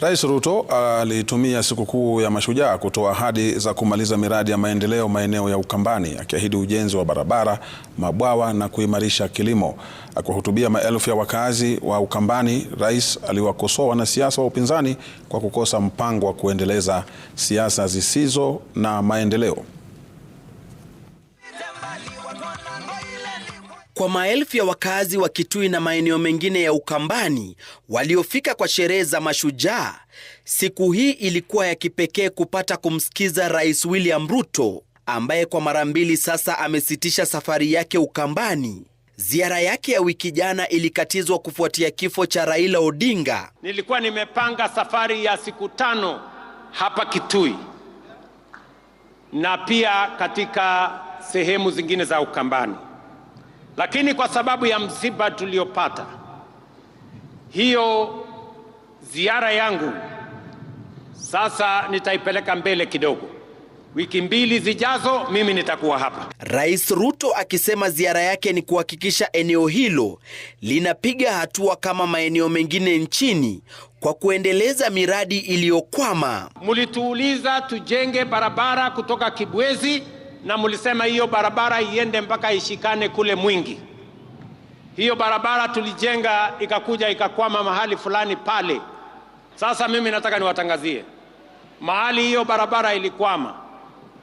Rais Ruto alitumia sikukuu ya Mashujaa kutoa ahadi za kumaliza miradi ya maendeleo maeneo ya Ukambani, akiahidi ujenzi wa barabara, mabwawa na kuimarisha kilimo. Akiwahutubia maelfu ya wakazi wa Ukambani, rais aliwakosoa wanasiasa wa upinzani kwa kukosa mpango wa kuendeleza siasa zisizo na maendeleo. Kwa maelfu ya wakazi wa Kitui na maeneo mengine ya Ukambani waliofika kwa sherehe za mashujaa, siku hii ilikuwa ya kipekee kupata kumsikiza Rais William Ruto ambaye kwa mara mbili sasa amesitisha safari yake Ukambani. Ziara yake ya wiki jana ilikatizwa kufuatia kifo cha Raila Odinga. Nilikuwa nimepanga safari ya siku tano hapa Kitui na pia katika sehemu zingine za Ukambani. Lakini kwa sababu ya msiba tuliopata, hiyo ziara yangu sasa nitaipeleka mbele kidogo. Wiki mbili zijazo mimi nitakuwa hapa. Rais Ruto akisema ziara yake ni kuhakikisha eneo hilo linapiga hatua kama maeneo mengine nchini kwa kuendeleza miradi iliyokwama. mulituuliza tujenge barabara kutoka Kibwezi na mlisema hiyo barabara iende mpaka ishikane kule Mwingi. Hiyo barabara tulijenga ikakuja ikakwama mahali fulani pale. Sasa mimi nataka niwatangazie mahali hiyo barabara ilikwama.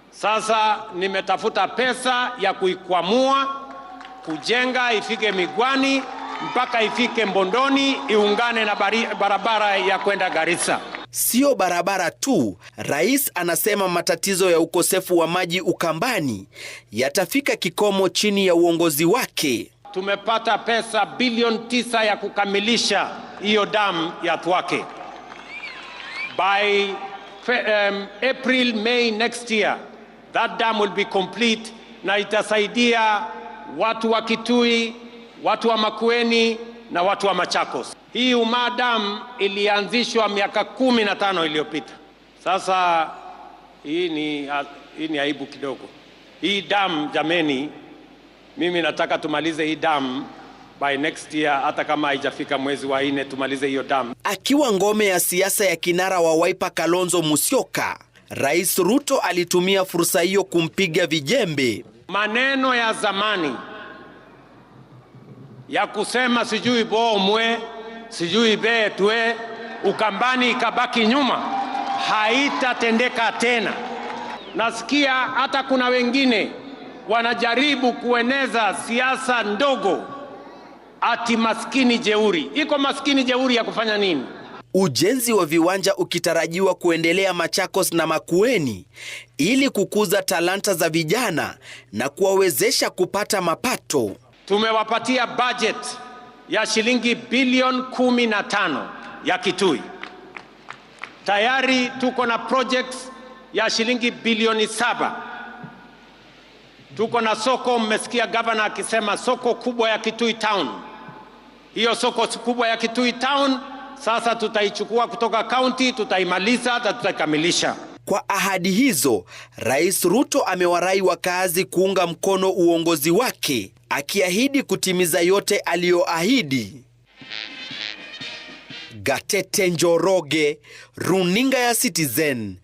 Sasa nimetafuta pesa ya kuikwamua, kujenga ifike Migwani mpaka ifike Mbondoni, iungane na barabara ya kwenda Garissa. Sio barabara tu, rais anasema matatizo ya ukosefu wa maji Ukambani yatafika kikomo chini ya uongozi wake. Tumepata pesa bilioni tisa ya kukamilisha hiyo damu ya Thwake by um, April May next year that dam will be complete, na itasaidia watu wa Kitui, watu wa Makueni na watu wa Machakos. Hii umadam ilianzishwa miaka kumi na tano iliyopita. Sasa hii ni, hii ni aibu kidogo. Hii dam jameni, mimi nataka tumalize hii dam by next year, hata kama haijafika mwezi wa nne tumalize hiyo dam. Akiwa ngome ya siasa ya kinara wa Wiper Kalonzo Musyoka, Rais Ruto alitumia fursa hiyo kumpiga vijembe. Maneno ya zamani ya kusema sijui bomwe sijui be tue Ukambani ikabaki nyuma, haitatendeka tena. Nasikia hata kuna wengine wanajaribu kueneza siasa ndogo ati maskini jeuri. Iko maskini jeuri ya kufanya nini? Ujenzi wa viwanja ukitarajiwa kuendelea Machakos na Makueni ili kukuza talanta za vijana na kuwawezesha kupata mapato. Tumewapatia budget ya shilingi bilioni kumi na tano ya Kitui. Tayari tuko na projects ya shilingi bilioni saba. Tuko na soko, mmesikia gavana akisema soko kubwa ya Kitui Town. Hiyo soko kubwa ya Kitui Town sasa tutaichukua kutoka kaunti, tutaimaliza na tutaikamilisha. Kwa ahadi hizo, Rais Ruto amewarai wakazi kuunga mkono uongozi wake, akiahidi kutimiza yote aliyoahidi. Gatete Njoroge, Runinga ya Citizen.